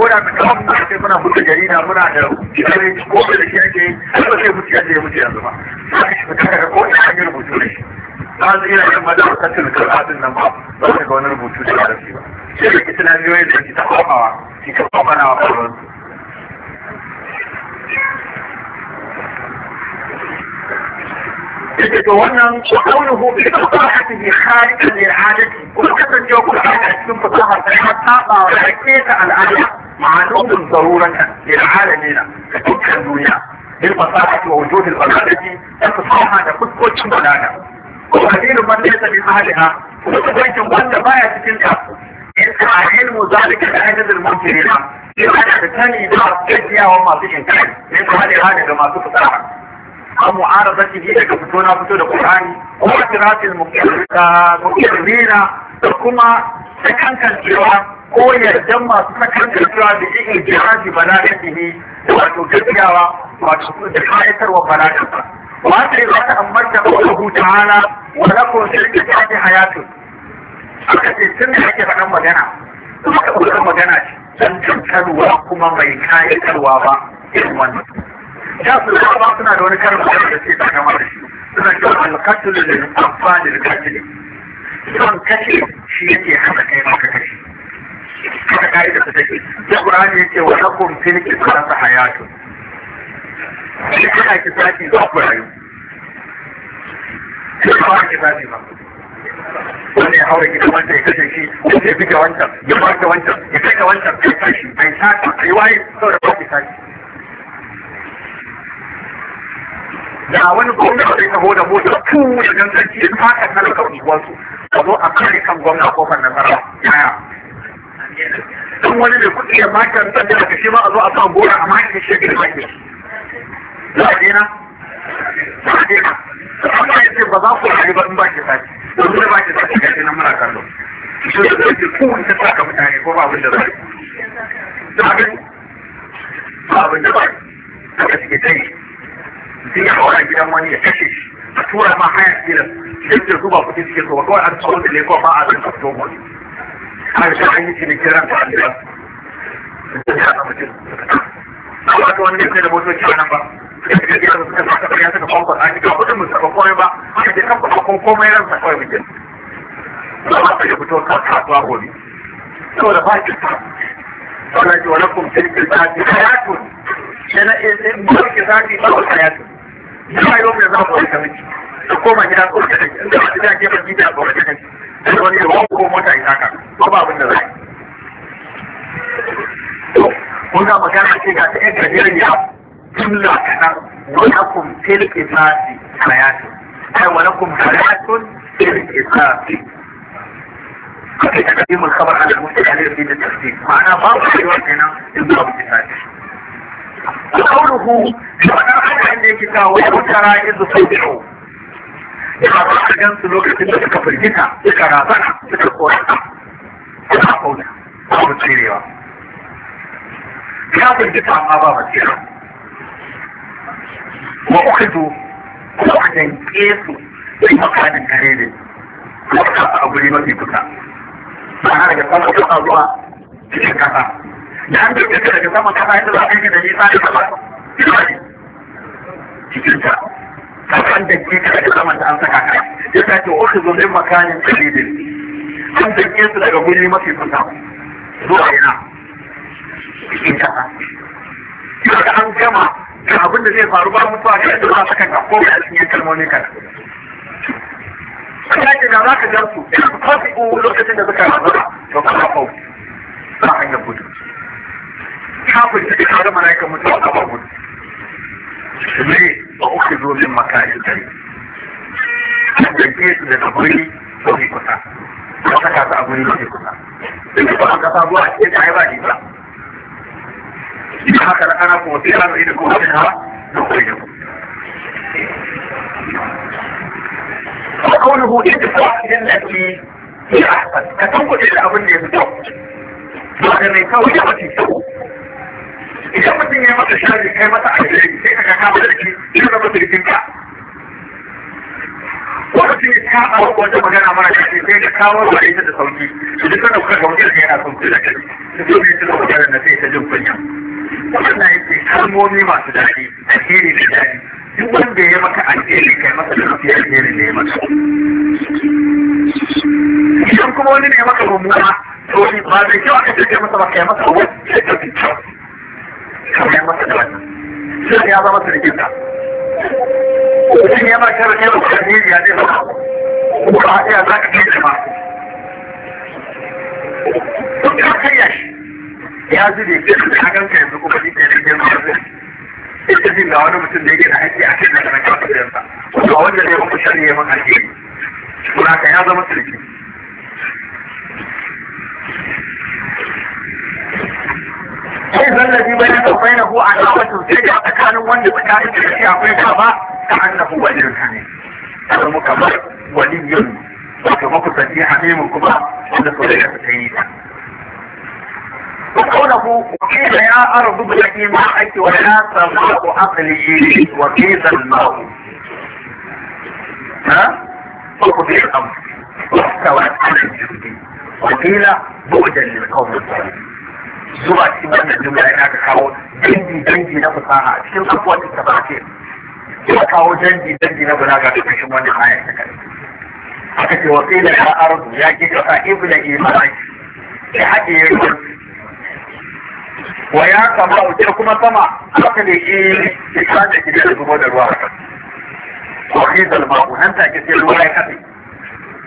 ko da ta kama mutu sai muna mutu jarida, muna da kare ko da shi ake ba sai mutu yadda ya mutu yanzu ba daga ko da an yi rubutu da shi ba su ina yin maza a kasin kalfatin nan ba ba su ga wani rubutu da ya rafi ba sai da kitan hanyoyin da ke ta komawa ke ta komana wa kawai yake to wannan kaunuhu bi fasahatihi kharijan lil adati ko kasance ku da cikin fasaha sai ka saba wa ta al'ada ma'lumun daruran lil alamin da dukkan duniya bil fasahati wa wujud al baladati da fasaha da fuskocin balada ko kalilu man laysa bi ahliha ko kwankin wanda baya cikin ta in ka ilmu zalika da hadith al mumtirina in ana da tani da gajiyawa masu inkari ne ko hada da masu fasaha a mu'arazatihi daga fito na fito da Qur'ani wa tiratil mukarrina da kuma sakankan cewa ko yardan masu sakankan cewa da yin jihadi balagatihi wato gaskiyawa wato da kayatarwa balagatihi wa ta yi zata ambata Allah ta'ala wa lakum fil kitabi hayatun aka ce tun da ake faɗan magana kuma ka magana ce dan tantarwa kuma mai kayatarwa ba irin wannan ya su ba suna da wani karin magana da ke kama da shi suna cewa alkatul da abba da alkatul son kashe shi yake hana kai maka kashe haka ka'ida da take da qur'ani yake wa lakum fil qisas hayatun shi kana kisaki za ku rayu sai ba ki ba wani ya haura gida wanda ya kashe shi wanda ya buga wancan ya bata wancan ya kai ga wancan ya tashi bai tashi yi waye saboda ba ki tashi da wani gwamna zai taho da mota tun da don sarki ya fata talaka unguwarsu ka zo a kare kan gwamna ko kofar nasara yaya tun wani mai kuɗi ya makar sanda da shi ba a zo a sa gora a makin shi da makin za a dena za a dena Ba ya ce ba za ku rayu ba in ba ke sati yanzu da ba ke sati ga shi nan muna kallo shi da kake kowace ta saka mutane ko ba abin da za ba abin da ba da suke ta yi mutum ya haura gidan wani ya kashe shi a tura ma haya gidan sai ke zuba kuɗi suke so ba kawai an tsawon da ne ko ba a zan kafto mu a shi an yi cinikin ran ta gidan a wata wani ne da motoci a nan ba suka shiga gidan suka sa kafa ya suka kwankwa a shiga kuɗin mu saba komai ba suka je kafa kwan komai ran sa kawai mutum ba ba ya fito ka kasuwa gobe saboda ba ki sa sannan ji wa lakum tilkil ba ki hayatun na barke za ki barke hayatu ina yau mai zama wani kamar da koma gida ko da inda ba ta ke ban gida ba ta kai da wani ruwa ko mota ita ka ko ba abin da za kun ga magana ce ga ta yan gajeriya jumla kanan walakum fil qisasi hayatu ai walakum hayatun fil qisasi تقديم الخبر على المستقبل في التسليم معناه ما في وقتنا الضابط الثاني قوله شعر أن يكتا ويبترى إذ صدعوا إذا رأى جنس لوكة لك فرجتا لك رابنا لك قرأتا لك قولا أبو تشيريوا كافر جتا ما بابا تشيروا وأخذوا وأخذوا كيسوا في مكان كريم وأخذوا أبو لي ما في كتا فأنا لك أخذوا أبوها في كتا da an kirka ka daga saman kasa yadda za a yi da nisa da kasa ina ne cikin ta kasan da ke ka daga saman da an saka ka ya ta ce ofi zo min makanin kalibin an dake su daga guri mafi kusa zuwa ina cikin kasa yau da an gama ga abin da zai faru ba mutuwa ne yadda za a saka ka ko a cikin kalmomi kana Sai ya za ka jar su, ko su lokacin da suka rabu, to kuma kau, ba hanyar gudu. kafin cikin har mala'ikan mutuwa a babu ne ba uku zo min makashi kai da su daga guri ba mai kusa ba saka su a guri ba mai kusa da ba an kasa zuwa cikin ta ba ni ba haka da ana kuma sai ana da kuma da ha da kuma da وقوله ادفع بالتي هي احسن كتنقل الى ابن يفتح بعد ما يساوي يعطي سوء idan mutum ya mata shari kai mata alheri sai ka ga ka bada shi da zama sirkin ka ko mutum ya taɓa wata magana mara kashi sai ta kawo da ita da sauki duk wanda kuka ga mutum yana son kula da shi su ne su da magana na sai ta jin kunya wannan yake kalmomi masu daɗi alheri da daɗi duk wanda ya maka alheri kai masa da mafi alheri ne ya maka idan kuma wani ne ya maka mummuna to ba da kyau aka ce masa ba kai masa wani ya kyau masa da wannan shirka ya zama sirkinta mutum ya ma shirka ya zama sirkinta ya kuma a iya za ka kai ma duk ya karya shi ya zube ka ganka yanzu kuma ni ɗaya da girma ita jin wani mutum da yake da haƙƙi a cikin da ranka kudinsa a wanda zai muku shari'a ya maka haƙƙi kuma ka ya zama sirki sai zallabi bai da bai na ko a dawatu sai ga tsakanin wanda tsakanin da shi akwai gaba ta annahu wajen hane kuma kamar waliyin wato makusanci hamimin kuma wanda sau da ya fita yi ta وقوله وقيل يا أرض ابلعي معك ولا سماء عقلي وقيل الماء ها؟ وقضي الأمر واستوت على الجند وقيل بعدا للقوم الظالمين zuwa cikin wannan jumla ya aka kawo dangi dangi na fasaha a cikin abubuwan da ta bace ya kawo dangi dangi na balaga da kashin wannan aya ta kai aka ce wa qila ya ardu ya ke kasa ibla imanai ya haɗe wa ya kama wuce kuma sama aka ne eh, ke ki kada ki da zubo da ruwa wa qila ma ku nan ki sai ruwa ya kafi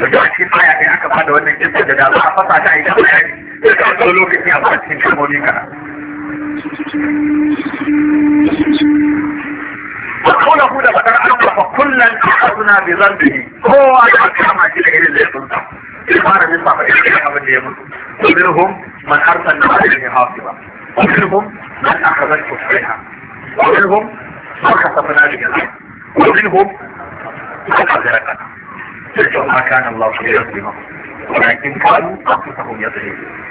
da duk cikin aya ɗaya aka bada wannan kisa da da a fasa a yi ta bayani da ta wasu a ba cikin kamomi kana. Wakaunan hu da matar an kafa kullum a asuna bai zan da ni kowa da aka kama shi daga yadda ya tsunta. Ya fara nufa ba ya kai abin da ya mutu. Wabin hum man harsan na wajen ya hafi ba. Wabin hum man aka zan kusurai ha. Wabin hum aka safi na jigila. Wabin hum aka zara kana. تلك ما كان الله يظلمهم ولكن كانوا أنفسهم يظلمون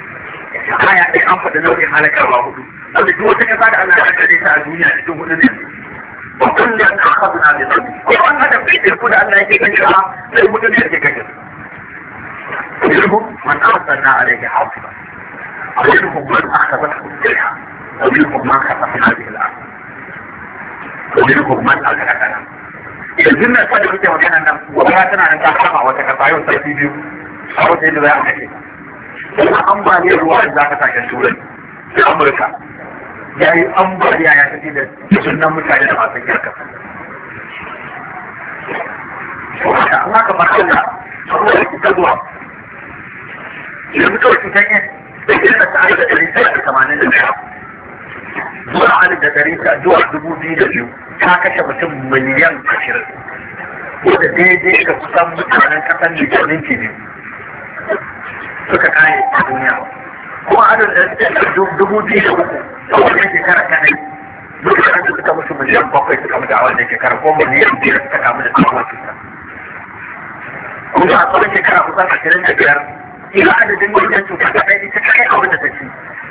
هيا يعني أحد الله قل لك وزك بعد أن أحد ليس الدنيا لكم أن أخذنا بظلم وقل هذا في تلكون أن يجب أن يرى للمدنيا ومنهم من أرسلنا عليه حفظا ومنهم من أخذته السلحة ومنهم من خطفنا به الأرض ومنهم من أغلقنا yanzu nan kwa da kuke magana nan wata tana nan ta kama wata kasa yau sarki biyu a wata yadda za a kashe ta ambaliyar ruwa da za ka sa yan turai da amurka ya yi ambaliya ya tafi da sunan mutane da masu yarka kuma ka ba a kuma da ki tagwa yanzu kawai cutar yin da ke da ta'ada da ɗari da tamanin da zuwa alif da ɗari zuwa dubu biyu da biyu ta kashe mutum miliyan ashirin wanda daidai ga kusan mutanen kasan litinin ke suka kare a duniya kuma adon da dubu biyu da uku a wannan shekara ta ne mutanen da suka mutu miliyan bakwai suka mutu a wannan shekara ko miliyan biyar suka kamu da sabon cuta kuma a tsawon shekara kusan ashirin da biyar ina adadin wannan cuta ta ɗaya ita kai abin da ta ci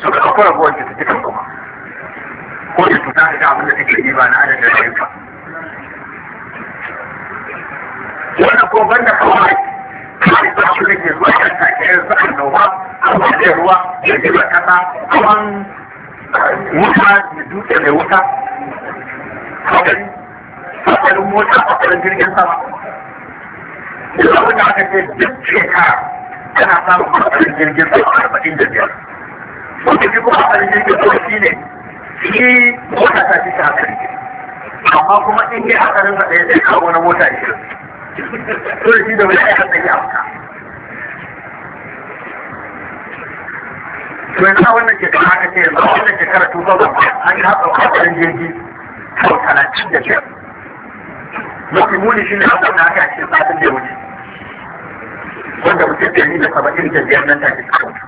su ka ɗauko rabuwar da dukkan kuma ko da cuta da abin da take yi ba na adadin rayuwa wannan ko banda kuma kawai ba su nake zuwa kan takiyar su annoba an wajen ruwa da jiba kasa an wuta da dutse mai wuta kawai mota fasalin jirgin sama duk abin da aka ce duk shekara tana samun fasalin jirgin sama arba'in da biyar wanda shi kuma a jirgin kuma shi ne shi mota ta fi hakan amma kuma in yi hakarin sa ɗaya sai kawo na mota shi to shi da wani ayyukan da a wuta. to yanzu wannan shekara haka ce yanzu wannan shekara tuba ba an yi haɗa hakarin jirgi sau talatin da biyar mafi muni shi ne hakan da shi ce satin da wuce wanda mutum ɗari da saba'in da biyar nan ta fi kawo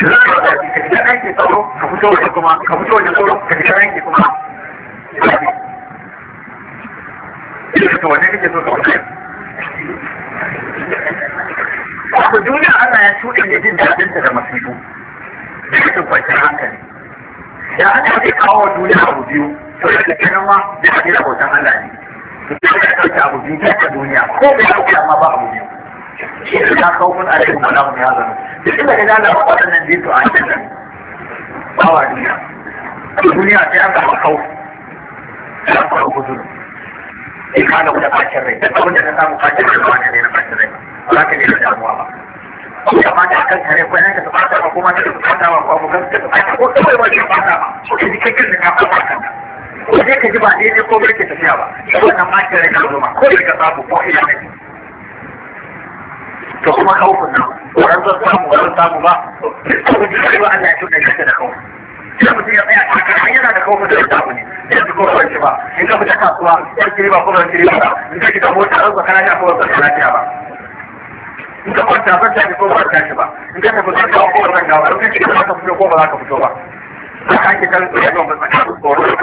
shi ka ka kuma ka ka kuma ina wanne so duniya ana ya shuɗe da jin daɗinta da masifu da cikin kwanciyar hankali kawo duniya abu biyu to ya ke nan ma da ake da Allah ne to da ka abu biyu ta duniya ko bai ɗauki amma ba abu biyu la khawfun alaihim wa la hum yahzanun duk inda ka gane ba waɗannan biyu to a cikin awa duniya duniya sai an ga khawf la khawfun zulum sai ka ga wata rai abin da ka samu bacin rai ba ne na bacin rai ba za ka ne da damuwa ba kamata a kan kare kwanan ka tsaka ba kuma ta tsaka ba ko abokan ka tsaka ko kawai ba ka ba ko ka ji kakkin da ka fara kanka ko ka ji ba daidai ko bai ke tafiya ba wannan ma kare ka zo ma ko ka samu ko ina ne ka kuma kaufin nan ko an zan samu ba samu ba ko ji Allah ya tuna da kaufin idan mutum ya tsaya a kan yana da kaufin da ya ne idan ka kaufin shi ba in ka fita kasuwa ya kiri ba ko ban kiri ba in ka shiga mota an zaka lafiya ko ban zaka lafiya ba in ka kwanta ban tafi ko ban tafi ba in ka tafi zan ko ban zan dawo in ka shiga ka fito ko ba za ka fito ba ake kan tsoron ba tsakanin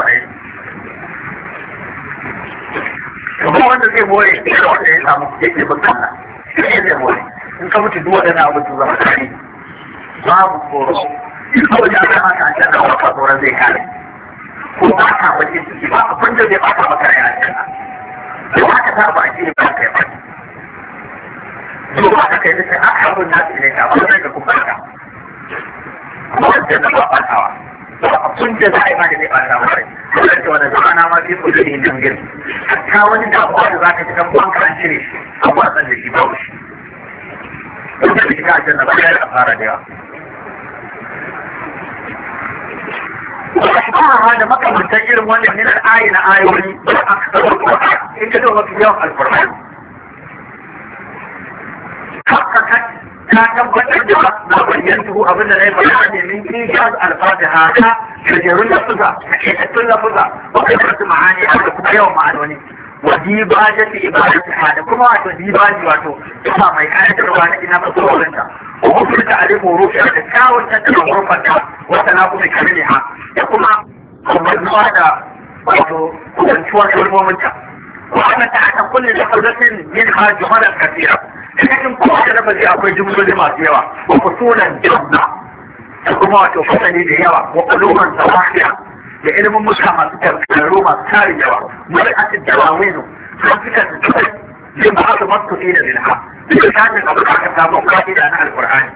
yi kuma wanda zai boye shi da wanda ya samu yake bukata kai da wani in ka mutu duwa dana abu su zama kare babu tsoro kawai da aka maka ajiyar da wata tsoron zai kare ko ba ka wajen ciki ba abin da zai baka maka rai ajiyar da ba ka saba a jini ba ka yi ba ba ka kai da sai aka abin nasu ne ka ba ka kuma ka ba ka ba ba abin da za a yi ma da zai ɓata masa rai da wani zama na ma sai kuɗi da yin dangin hatta wani damuwa da za ka ji kan banka an cire shi a kwasan da shi babu shi in ka shiga a janna na ya da fara da yawa Kuma da makamantar irin wannan ne na ayi na ayoyi da aka zama kuma in ka zo mafi yawan alfurman. Haka ka tabbatar da na bayyantu abin da zai faɗa ne min kin sha alfatiha ka gajerun lafuza takaitattun lafuza wa kaifatu ma'ani da kuma yawan ma'anoni wa dibajati ibadatiha da kuma wato dibaji wato kuma mai ayatarwa na ina ba tsoron ta ko kuma ta alifu rufiya da kyawun tattara hurufan ta wata na kuma kalmiha da kuma kuma da wato kusantuwar kalmomin ta وأنا تحت كل لحظة منها جملا كثيرة cikin kowace lafazi akwai jumloli masu yawa wa fusulan jabna da kuma wato fasali da yawa wa kuluman sawahiya da ilimin musa masu karkaru masu tari yawa mai asin dawawinu sun fi kan tukai yin ba su masu tuki da lilha da tashin abu da aka samu ka'ida na alkur'ani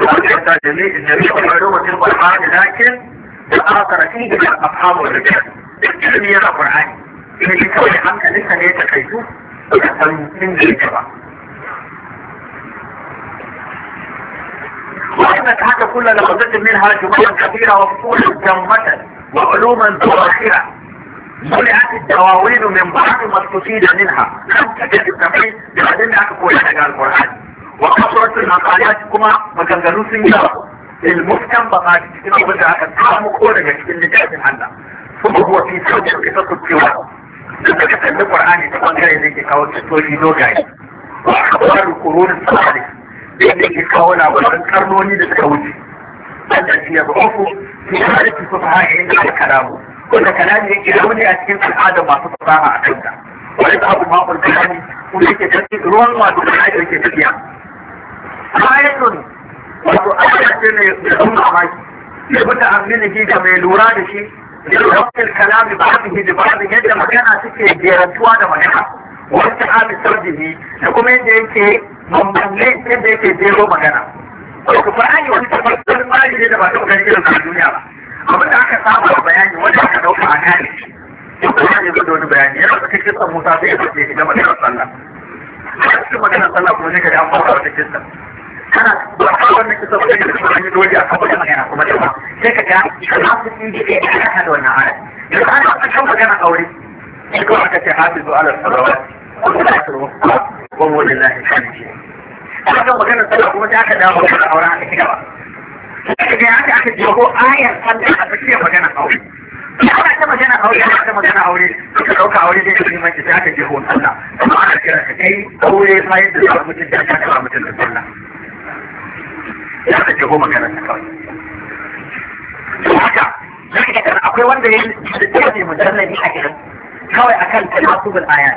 rubuta ta jami'in da rikin rubutin qur'ani lakin da aka rafi da afhamu da ilimi yana qur'ani sai kawai hankalinka ne ta kaitu da san inda ba وإنك حتى كل لقطة منها جمل كثيرة وفصول جمة وعلوما تراخرة ملئت الدواوين من بعض ما استفيد منها لم تجد التمرين بعدين أكبر حاجة القرآن وكثرة المقالات كما مجنجنو سنجارة المفتن بقى تشكينه بدأ أكثر مقولة يشكين لجأة الحنة ثم هو في سوء قصة التواء لما كتب القرآن يتبقى غير ذلك كوكتوشي نوجاي وأخبار القرون الثالث yadda ke kawo labaran karnoni da suka wuce التي يضعف في حالة فقهاء عند الكلام كل كلام يجعلني أتكلم في هذا ما تطبعها عقيدة ويذهب ماء الكلام وليك تجد روان ما دون حاجة تجدها آية وآية يقولون عمي لمتأمنه كما يلوران شيء لربط الكلام بعضه لبعض يجب أن كان سكي جيرتوا دمجها wata hali sarjihi da kuma yadda yake mambanne yadda yake jero magana ku fa'ani wani tabbatar mali ne da ba ta gani irin a duniya ba abin da aka samu a bayani wanda aka dauka a kare. shi kuma ne da wani bayani yana da kake san Musa sai ya fice da sallah a cikin magana sallah kuma ne kaga an fara wata kissa kana ba ka wannan kissa da kake da wani dole a kan magana kuma da ba sai kaga kana cikin da ke da wannan ayat da ana kan magana aure يكون حتى حافظوا على الصلوات والصلاة الوسطى وهو لله الحمد هذا هو مكان الصلاة وما تأكد هذا هو الأوراق الكتابة لكن يا أخي أخذ يقول آية صلى أبشير مكان قوي ana ta magana aure ana ta magana aure suka dauka aure zai yi mai sai aka je hon Allah amma ana kira ka kai aure ma yadda za mu tunta ka ka mutun da Allah ya ka jeho magana ta kawai haka zaka ga akwai wanda ya yi da ne mujallali a gidan kawai akan tanasubul ayat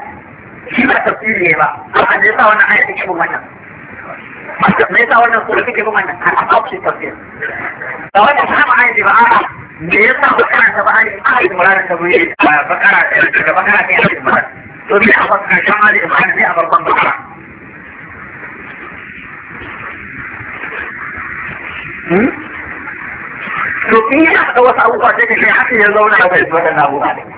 shi ba tafsiri ne ba amma me yasa wannan ayat take bin wannan me yasa wannan sura take bin wannan a kawai tafsir da wannan sama ayat ba a'a me yasa ba kana ta ba ali ayat muraran ta buye ba kana da ba kana ta ayat muraran to me a fakkar kan ali ba ne a babban ba to in ya haɗa wasu abubuwa sai ka kai hakan ya zauna a bai waɗannan abubuwa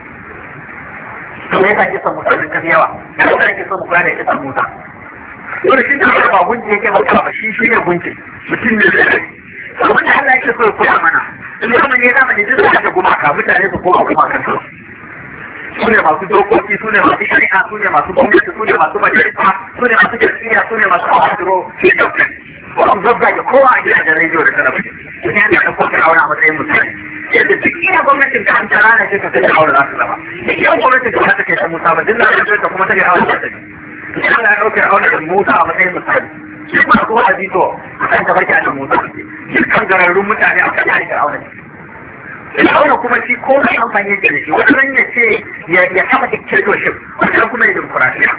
to ya sa kisan musa da tafi yawa ya sa kisan musa da kisan musa wani shi ne ba gunji yake maka ba shi shi ne gunji mutum ne zai abin da Allah yake so ya mana in kuma ne zama ne duk da gumaka mutane su koma gumakan su su ne masu dokoki su ne masu shari'a su ne masu gwamnati su ne masu majalisa su ne masu jam'iyya su ne masu kwatiro su ne kun zabba ga kowa a gidajen rediyo da talabijin in yana da kofi aure a matsayin musulmi yadda duk ina gwamnatin ta hanta rana ce ta sai da aure za su zama duk yan gwamnatin ta ta kai ta musa ba dinna ta ta kuma ta kai aure ta tafi in ana ɗaukar aure da musa a matsayin musulmi shi kuma ko a zito kan ta barki annabi musa dukkan gararrun mutane a kan aikar aure Fir'auna kuma shi ko mai amfani da shi wata ran ya ce ya kama dictatorship wata kuma ya dimokuraɗiyya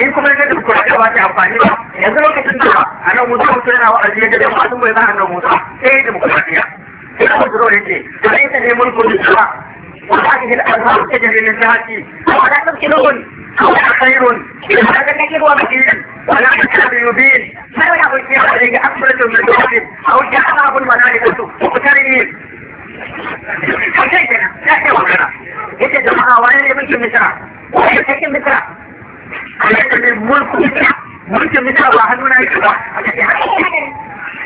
in kuma ya duk kuma ya ba ki amfani ba yanzu lokacin da a nan musa mutum yana wa'azi ya gaba masu mai zan hannun musa sai ya demokuraɗiyya ya kuma zuro ya ce da ya ta ne mulkun da kuma wata ake hin alfa ta jari ne ta haƙi da ɗauki lukun kuma da kairun kuma da ɗauki ruwa mai yin wala a cikin abin yubi yin sai wani abin kiyar da ya ga an fura da umar da wani a wuce an ma abin wani da su ko kuta ne yin. Sai ke nan, sai ke wakana. Yake jama'a wani ne mutum mutum. Wani ne mutum mutum. halatta ne mulku mulkin mita ba hannu na yake ba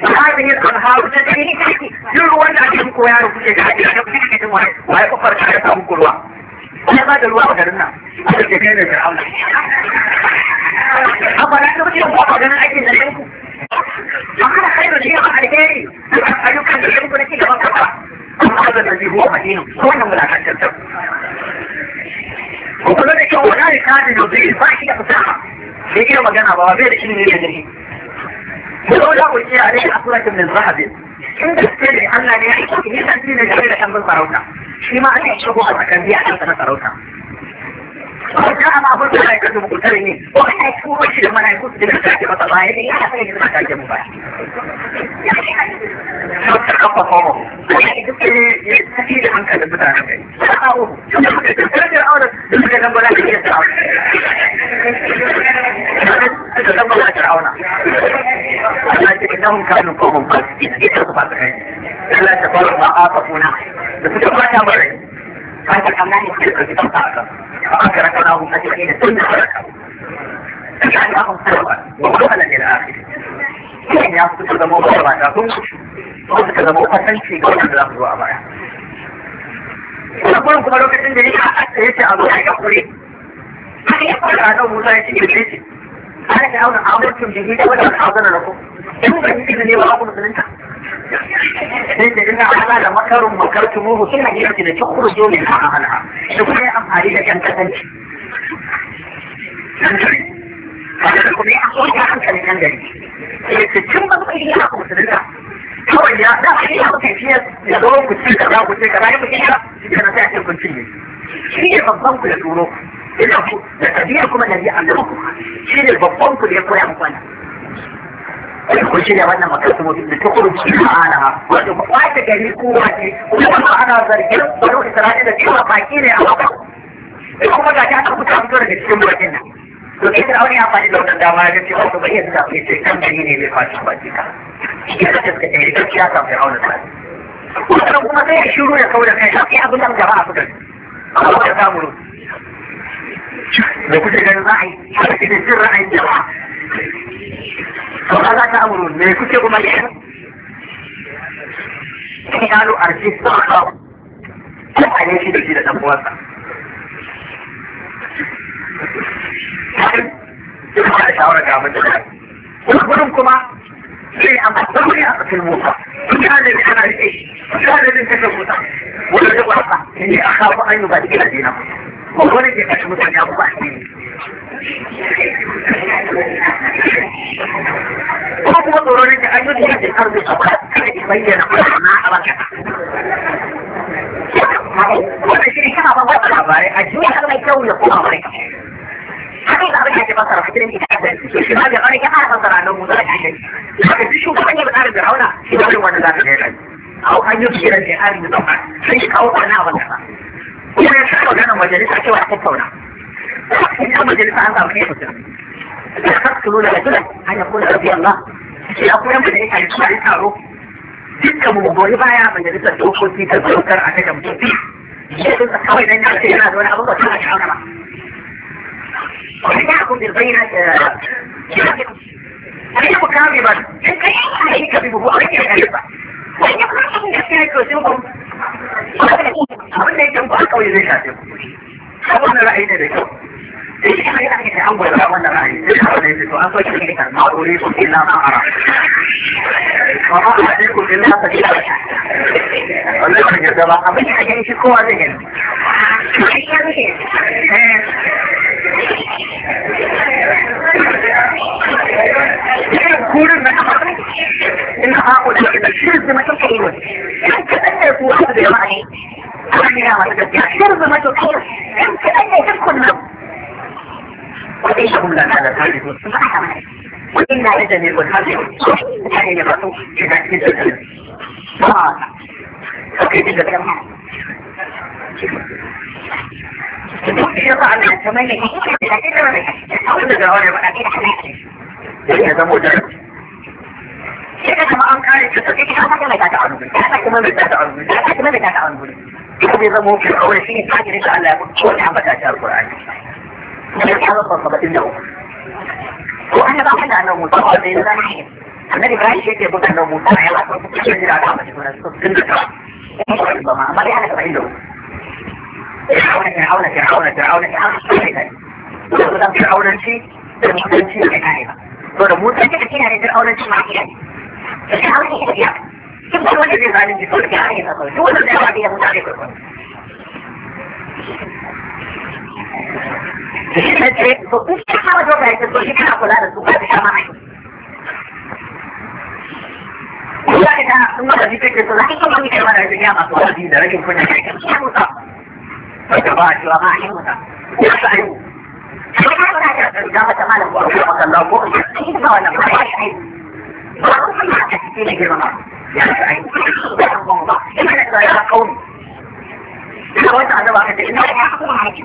هذه الأنهار يروى أن أجلكم يا رب ويكفر شعرك أبو كل واحد أنا ما دلوا أقدرنا أقدر كينا فرعون أبا لا ترجع أقدرنا أجل نحنكم أنا خير لي على كاري أيوك أن يحبون كي جبان كفا أما هذا الذي هو مدين هو أنه لا تنتظر kuma da kyau wala ya kaji da zai ba shi da fasaha bai iya magana ba bai da ilimi da gani ko da ku ce a dai a suratul min zahabin in da suke ne Allah ne ya aiki ne san ne da da kan sarauta shi ma an yi shago a kan biya kan sarauta kuma ama abin da ya kasu muku tare ni, ko ai kuma shi da mana ku da ta ke masa baya ne ya ta ne da ta mu ba ta kafa ta da kai da da ta da Allah ce ta fata kai Allah ta da suka fata mara فانت الحملان يستلقى في تنطاقه فأجركناهم أجمعين ثم فجعلناهم سلوى ومدخلا للآخر يعني يا أصدقاء الموضوع ما تكون أصدقاء الموضوع تنشي قولا بالأخذ وأبايا Sabon kuma lokacin da ya haɗa ya ce abu ya yi hakuri, fara a kan Musa ya ce Ibrisi, ana ta auna a da cikin jirgin wani abu na rako, in ba ni izini ba a kuma sai da ina ala da makarun makartu muhu suna yi da ta kurjo ne a ala da kuma amfani da yan kasanci kada da kuma ya koyi hankalin nan gari sai ta cin ba kuma ya ku musulunta kawai ya da shi ya kuke fiye da zama ku ci kaza ku ci kaza ya kuke ya kana sai a ce kun cinye shi ne babban ku ya turo ina ku da tabiyar kuma nabi annabi ku shi ne babban ku da ya koya muku wannan kun shirya wannan makarantu mutum da tukurin su ma'ana wanda ku kwace gari kowa ne kuma ana zargin baro isra'ila cewa baki ne a haka eh, kuma ga ta aka fita fito daga cikin bakin nan to sai da wani amfani da wannan dama ya ce ba bai bayyana da su ce kan gari ne mai fashi baki ka shi ka tafi da gaskiya kan fir'auna ta wannan kuma sai ya shiru ya kawo da kai sai abin da jama'a suka yi amma ba ta samu da kuke ganin za a yi shi ne jin ra'ayin jama'a فماذا تأمرون ما كنت أمير قالوا أرسيس أخطأ عليه شيء جديد أبوابا duk ba da shawara ga abin da za kuma gudun kuma sai a babban ya a cikin mota kun ji hannun ana rike kun ji hannun kashe mota wanda zai kwasa in ji a kawo an yi ba da gina dina ba wani ke kashe mutane abu ba a cikin وهو ضروري أن يدرك الأرض أوقات يبين ما حركتها wannan shi ne kana ban wata labarai a duniya har mai kyau ya kuma mai haka yadda abin yake fasara fitilin ita a zai to shi ma da ya fara fasara nan mu zai shi haka duk shugaban ya tsara da rauna shi da wannan za ta yi rai au an yi kiran da ari da sai ya kawo wannan abin da ba kuma ya sa maganar majalisa cewa a tattauna in an majalisa an samu ɗaya mutum تقتلون رجلا أن يقول رضي الله shi a koyan da yake suna yi taro dukkan mu goyi baya majalisar dokoki ta dokar a kashe mutum fi shi da kawai dan yace yana da wani abu ba tana shawo ba kuma kun bilbai na da Ayi ku kame ba, in kai ana yi ka bibu a rikin kai ba. Wani ya kuma abin da ya ke sun kun. Abin da ya ke ba kawai zai shafe ku. Abin da ra'ayi ne da kyau. أريد إلا ما أرى وما أحدكم إلا فجل والله جدا بقى مش حاجة يشكوها لهم يقولون إن هؤلاء الشرز ما تفعلون يمكن أن يكون هذا يعني الشرز ما تفعلون يمكن أن يكون لهم وليس هم لنا على ذلك 还在美国上学，他也把东西给他记住了，啊，他给这个电话。Duk ba na ta ta ce da ta wuce da wani wani ta ne. da ta sai ka kama ta annabi kuma shi احنا بقى حنا انه مصطفى زي ده نحيف النبي ابراهيم شيء يقول انه مصطفى يلا كتير على عمل ما بيعرف عنده فرعون إيه، فرعون فرعون فرعون فرعون فرعون شيء فرعون شيء كان هنا موسى كان هنا فرعون شيء مع كده فرعون شيء كده كيف هو الذي ظالم بكل كائن هو الذي يعطيه متعلق Wallahi da sun mara jikin kirkir zai kuma muke mara jikin ya masu wani da rikin kunya ya kan shi musa. Wata ba shi wa ma shi musa. Ya su ayu. Shi ka kuna da ga mata malam ko ko kan da ko shi ba wannan ba shi ayu. Ba ku san ma ta cikin girma ma. Ya su ayu. Ba ku ba. Ina da ya kauni. Ina wata da ba ka da ina ya kuma haƙi.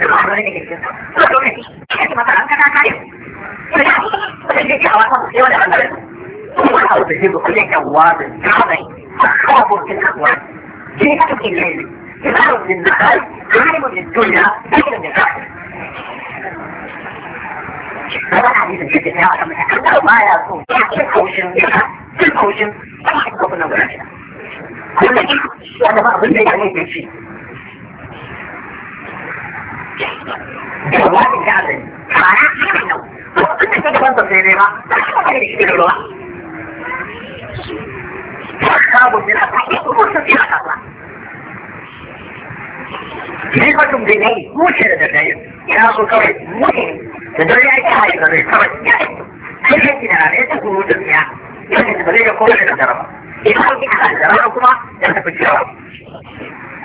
ke da kuma ne ke da ya sai wanda da ta ba abin da ya ne ke shi. jawabin da azumi ba na hana yau ko kuma ta gaban sa sai ne ba ta kuma da shi da ruwa babu ne na ta ko ta tsira ta ba ne ko tun da ne mutum da da ya so kawai mutum da dole ya ta hayi kawai kawai ya ai sai kina da ta kuma da ya yana ba, bare da kowa da daraba idan kika da daraba kuma da ta fice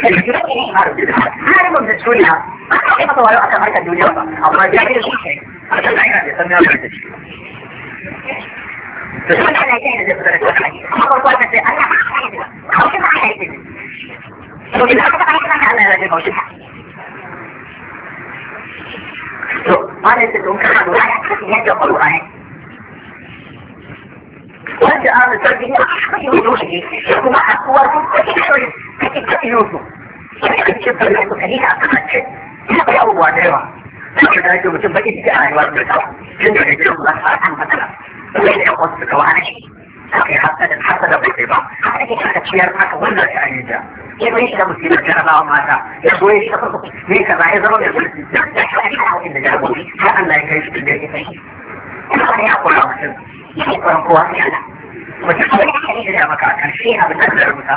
har mun da duniya sai masa wayo akan harkar duniya ba amma ya yi shi sai da ina da sanin da shi to sai ana yin da zai fara kai amma ko ta sai Allah ba ya yi ko ta ba ya yi to idan ka fara kana Allah ya yi ko to ma ne sai don ka ba ya yi da Qur'ani wanda an sarki ne a cikin kuma a kuwa sun kake shari kake kake yosu sai a cikin bari ku kare a kamace ina ba abubuwa da yawa sai da yake mutum baki da rayuwa da ta tun da yake ba a kan matsala kuma da wasu suka wani kai hasa da hasa da bai ba haka ke kaka ciyar maka wannan ta ayyuka ya bai shi da jarabawa mata ya zo ya shi kafa ne kaza ya zama mai sulki da shi a cikin da jarabawa har Allah ya kai shi da ya kai shi ina ya kula mutum shi kuran kowa ne ana mutum da aka yi da maka karshe yi ne ba a dole da kisa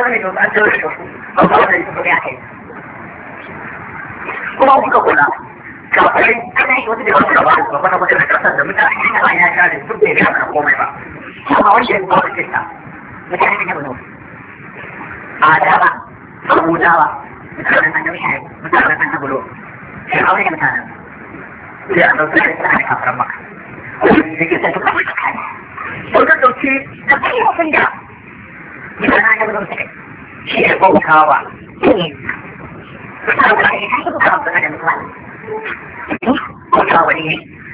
wani shi kuma ba mutanen annabi nuhu adawa abudawa mutanen annabi shayi mutanen annabi lo sai aure da mutanen sai a zauka da suna da kafaran maka wani da ke sai suka mutu kai sun ka dauki da bayyana sun da mutanen annabi nuhu suka ne bautawa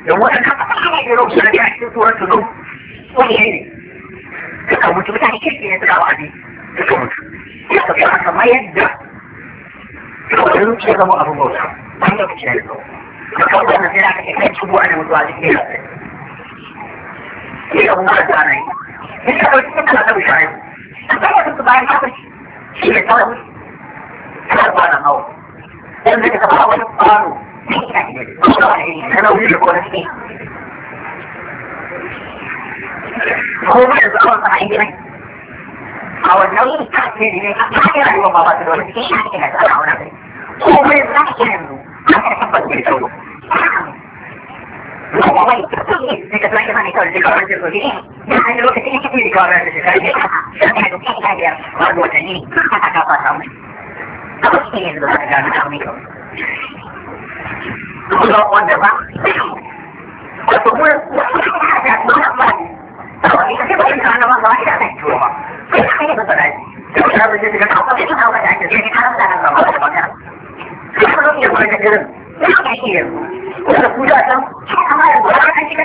Don wata kafa ana yi rauki na cikin turar tuzo, wani ne suka mutu mutane kirki ne suka wa'azi suka mutu ya tafi aka mayar da kawai zuciya zama abin bauta an yau kicin da zuwa da kawai wannan sai aka ce kai cubu ana mutuwa duk ne ya ga kuma da ana yi ya ka ɗauki ta kana tabi shayi a kawai su bayan kafin shi ne kawai kar ba na hau yanzu da ka ba wani kwano ne ka ne da kawai ne kana wuri da kawai ne gobe da zuwan sa hangirin a wannan yin kafin ne a kayan rayuwar ba ba su dole shi ne na tsara wani abin gobe za ki yanzu an ka tabbata da kyau Kuma wai, ne ka tsanke mana kyau da shi kawai da shi, da hanyar lokacin yake da kawai da shi kawai da shi, da hanyar da shi kawai da shi, wani watanni, haka ka fata mai. Abu shi ne yanzu da ga mutane kyau. Kuma wanda ba, wato mun, wasu kuma da su إذا كنت أنت أنا ما راح أعمل جوا، في حاجة بدرج. أنا بدي أقول لك أنا بدي أقول لك أنا بدي أقول لك أنا بدي أقول لك أنا بدي أقول لك أنا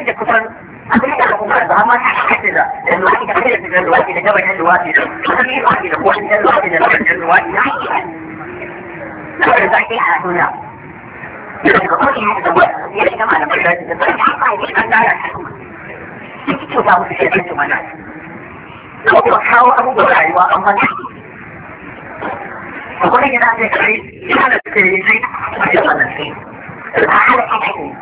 بدي أقول لك أبدا الأمور ده ما تحسنا إنه واحد كبير من الواحد اللي جاب الحل واحد كبير واحد اللي هو من الواحد اللي جاب الحل واحد لا يرجع فيها هنا يا جماعة لما تقول يا جماعة لما تقول ko ta musu shekaru mana ko kuma kawo abubuwan rayuwa an wani a kuma yana zai kai yana da kai zai a yi wannan sai da har a kai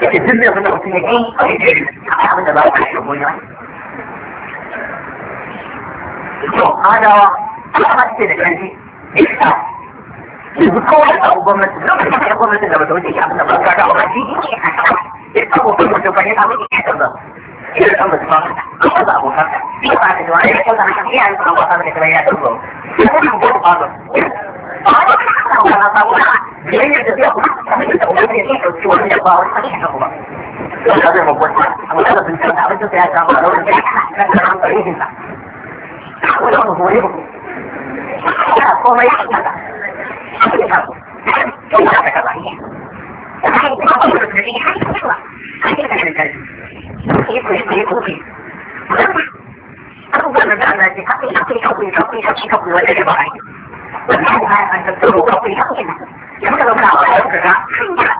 da duk da wannan mutum ya yi a yi jiri a abin da ba a yi gona to adawa kuma ce da kanji yanzu kawai a gwamnati lokacin da gwamnatin da ba ta wuce shi abin da ba ta da a wani shi ne a kawo ya kawo kuma da bayan abin da ya sai kan ba ba ko ba abokan ko ba da wani ko da kan iya ko ba da ya tubo ko kan ba ba ba ba ba ba biyayya da zai kuma kamar da ubangiji ya dauki wani da ba da kashi ba ko da zai mabuwa amma da sun san abin da da kama da wani da kan da kuma sa ko da kuma hore ba komai ya kaza Thank you. shi ku shi ku ku abubuwan da za a ce haƙuri haƙuri haƙuri haƙuri haƙuri haƙuri wata da ba a yi wannan ba a tattaro haƙuri haƙuri ya muka zauna a wajen ka ga hanya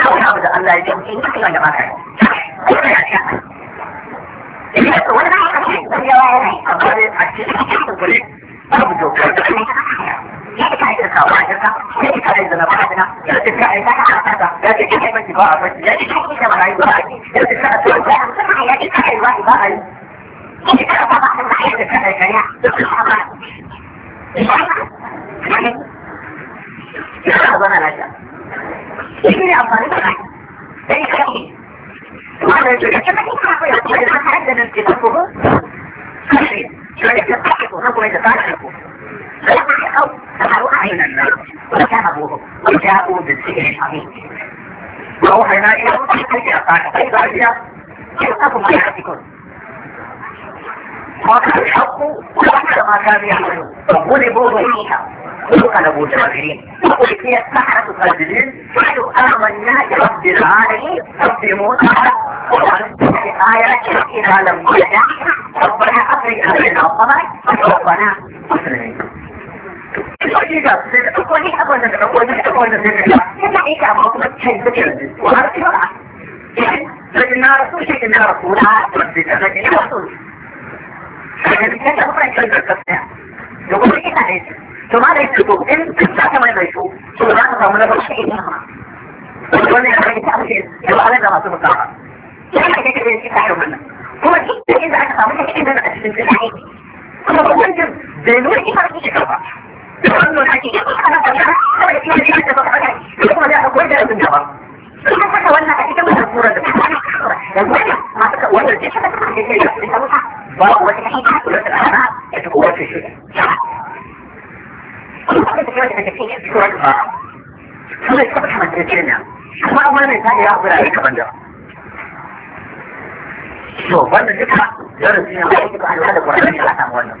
kawai abu da Allah ya ce mutum ya kai da ba ka yi wani na haka shi yawa ya yi a cikin kuri abu dokar da kuma ka ba ka ya ce kai da na ba na ya ce kai ka ka ka ya ce kai ba ki ba ba ya ce kai ka ba ba ya ce kai ka ba ya ce kai ba ba ya ce kai ba ba ya ce kai ka ya ce kai ba ya ce ba na lafiya shi ne amfani da kai dai kai wannan da kake kai ya ce kai ka da nan ke tafi ko kai ka ta ko na ko ta ta ko فحرقوا فحرقوا أعين الناس وكذبوهم وجاءوا بالسحر العظيم وأوحينا إلى أن قال كيف هي تلقكم حياتكم وقع ما كانوا يعملون وغلبوا ضعيفا وانقلبوا جاهلين وقلت هي السحرة الساجدين قالوا آمنا برب العالمين رب موسى وقالوا في آية إذا لم ربنا أفرج علينا الصبر ربنا أفرج hakika sai da ɗauko da da da da da da da da da da da So, wannan duka darasi ne da ake ba al'ada ƙwararren da aka samu wannan.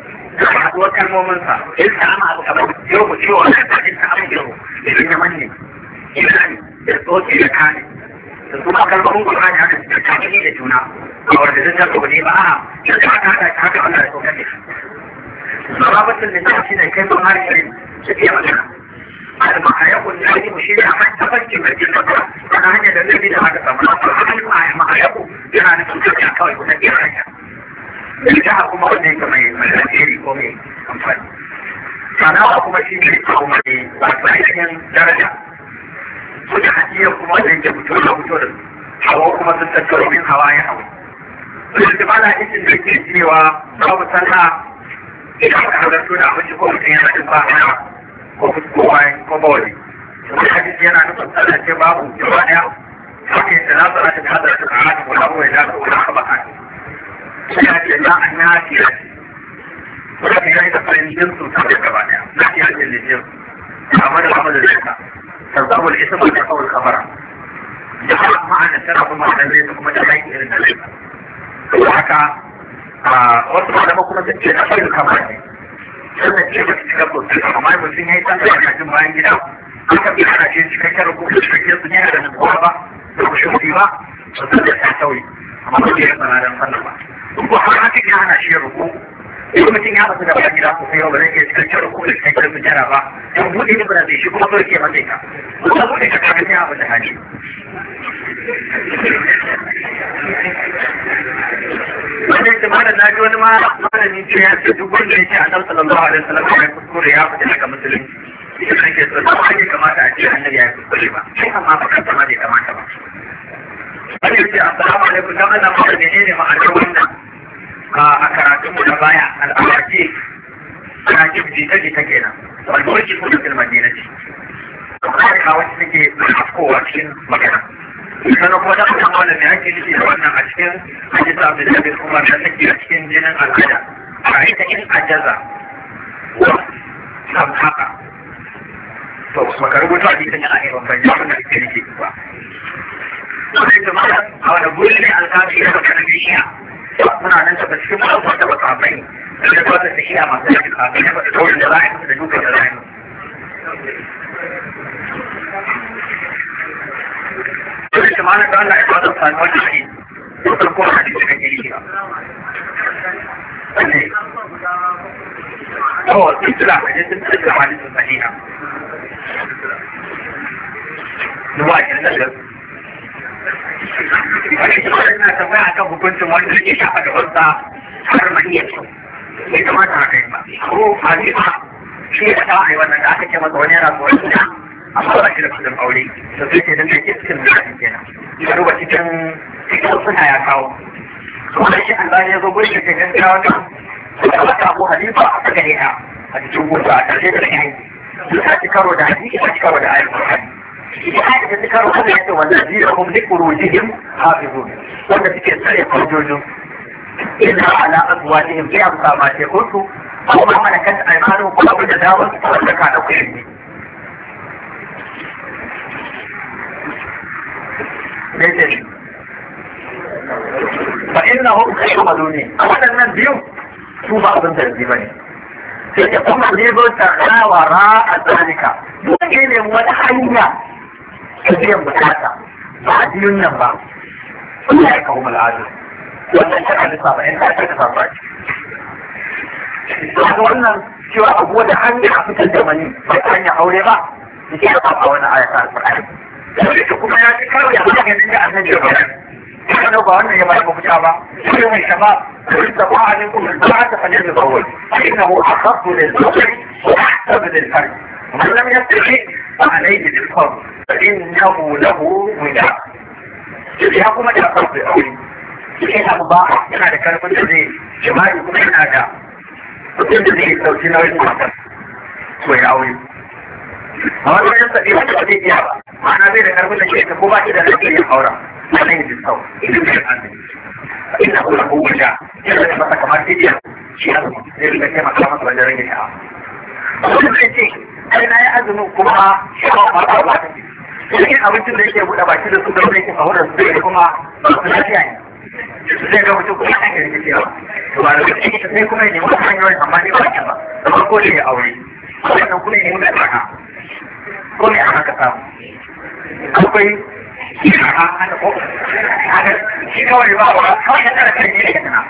da haɗuwar kalmominsa in ta ama abu kamar yau ku ciwo a ta abin yau idan ya manne ne da tsoke da kane da kuma kalmomin Qur'ani haka da tafiye da juna a wanda zai zarta wani ba a da ta haka haka Allah ya tsokar da shi. Sababatin da ta shi ne kai sun har irin su fiye magana. المحيق الذي مشير عن تفكير الجنة أنا هنا الذي لا أعرف ما المحيق يعني تفكير كوي وتفكير da kuma wanda yake mai alheri ko mai amfani sana'a kuma shi ne abu mai wato ainihin daraja sun hajiya kuma wanda yake fito da fito da hawa kuma sun tattara min hawa ya hawa sun ji bala isin da ke cewa babu sana'a idan aka halarta da abinci ko mutum yana cin ba ko ko bayan ko bawali wani hadisi yana nufin sallah ce babu gaba daya haka yadda na sallah ta hadar ta ta'ala ta kula wa ya da kula ba yana za a nafiya ce wanda ya yi tafarin jinsu sun da gaba daya nafiya ce ne jinsu amma da kama da zaka tarzabu da isa mai kawai kamara da har ma'ana tana kuma da zai ta kuma da zai irin da zai to haka wasu malama kuma sun ce na kawai kamara ne sannan ce ba su cika sosai amma mutum ya yi tsantsa da cikin bayan gida aka bi ana ce cikakken rukunin cikakken sun yana da nukuwa ba da kushe ba ba su da ta tauri amma ba su yi da sannan ba ko har an cikin hana shi ruku duk mutum ya rasu da ban gida ko sai ba zai iya cikakken ruku da cikakken sujjara ba dan buɗe ne ba zai shi kuma sarki ba zai ka ko da buɗe ka kan ya ba da hali ta jama'a na ji wani ma malami ce ya ce duk wanda yake annabi sallallahu alaihi wasallam ya kuskure ya fita daga musulunci ita nake so ba kamata a ce annabi ya kuskure ba sai amma ba kasa ma bai kamata ba har yanzu assalamu alaikum dan Allah ma menene ma'anar wannan a karatun mu na baya al'aji karatun jita jita kenan wal burki kullu fil madinati kuma ka wacce take afkowa cikin magana sannan kuma da kuma wannan ne ake nufi da wannan a cikin hadisi Abdullahi bin Umar da take a cikin jinin al'ada a yi ita in ajaza wa samhaka to makarubuta a cikin yana yi ban fahimta wannan ake nufi ba wanda ya mata a wani guri ne alkafi ya baka da shiya muna nan ta cikin ma'aikata da baka bai da ba ta shiya masu da baka bai da baka taurin da za'a da duka da za'a Dole ta mana ta Allah ya ba ta sami wani shi, ko ta kuma hadisi da kake yi ba. هو تطلع حديث تطلع حديث صحيحة. دلوقتي النجم wani kimanin na tambaya kan hukuncin wanda ya shafa da hulɗa har maniyar su bai kamata haka yi ba ko halifa shi ya ta ai wannan da aka ce masa wani yana tsoron da amma ba shi da kudin aure to sai ce dan da iskin da shi kenan ya duba cikin cikin suna ya kawo kuma shi Allah ya zo gurin da ke gaskiya wata da ta ko halifa aka gare ta a cikin gusa a ƙarshe da kai ta ci karo da hadisi ta ci karo da ayyukan حاجة ذكر الله يأتي والذين هم لفروجهم حافظون وأن تكي سرية فروجهم إلا هناك أزواجهم من أمسا ما تقولوا أو ما ملكت أيمانهم فأو تداول فأولك على قيمه ليس فإنهم غير هناك أولا من ان ان ان ان ان ان هناك هناك هناك هناك هناك من من من من بيوم su ba هناك zargi ba ne sai ya هناك ne ba ta wara a هناك don ne wani hanya ta biyan bukata ba a biyun nan ba Allah ya kawo mal'adu wannan tana da saba yan ta ta saba ce wannan cewa abu da hanya a fitar da mani ba ta hanya aure ba yake da ba wani ayata alƙur'ani da kuma ya ci karo ya hanyar da annabi ya bayar كان يضع أنه ما المجتمع يوم الشمال ويتبع عليكم البعث فليتزوج فإنه أخف للبشر وأحسن للفرد ومن لم يستحق فعليه بالفرد فإنه له ودا يا كما da karfin da zai kuma yana da da zai nauyin su ya aure A ba zai iya ba ma'ana zai da karfin da ke ko ba da ya yin ina ko yana da masa kamar tijiya shi ya zama zai taimaka wajen rage sha'a. Wajen zai ce, ai na yi azumin kuma shi ba ta ba ta ce. irin abincin da yake buɗe baki da su da wanda yake da su da kuma masu lafiya ne zai ga mutum kuma an yarda cewa ba da kuma ita sai kuma ne wata hanyoyin amma ne ba ba da farko ne ya aure wannan kuma ne wanda ba ko ne an haka samu akwai shi kawai ba wa kawai ya tsara kan yi da kana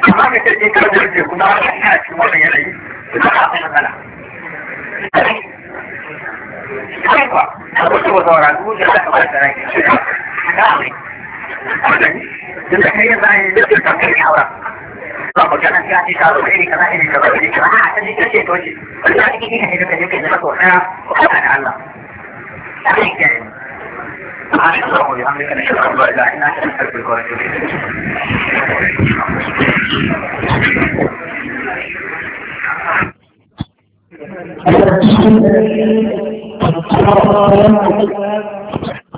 amma ka ce da jirge kuma ana cikin wannan yanayi ba a matsala yawa abin ba saura ko da za ka ba ta rai da da kai za ni da ta kai aura ba ba kana ga ni ka rubuta ni kaza ni kaza ni kaza a ta ji kace to ji ba ta ji kike da kake da ko na ko kana Allah sai ke سبحانك اللهم وبحمدك نشهد ان لا اله الا انت نستغفرك ونتوب اليك الذين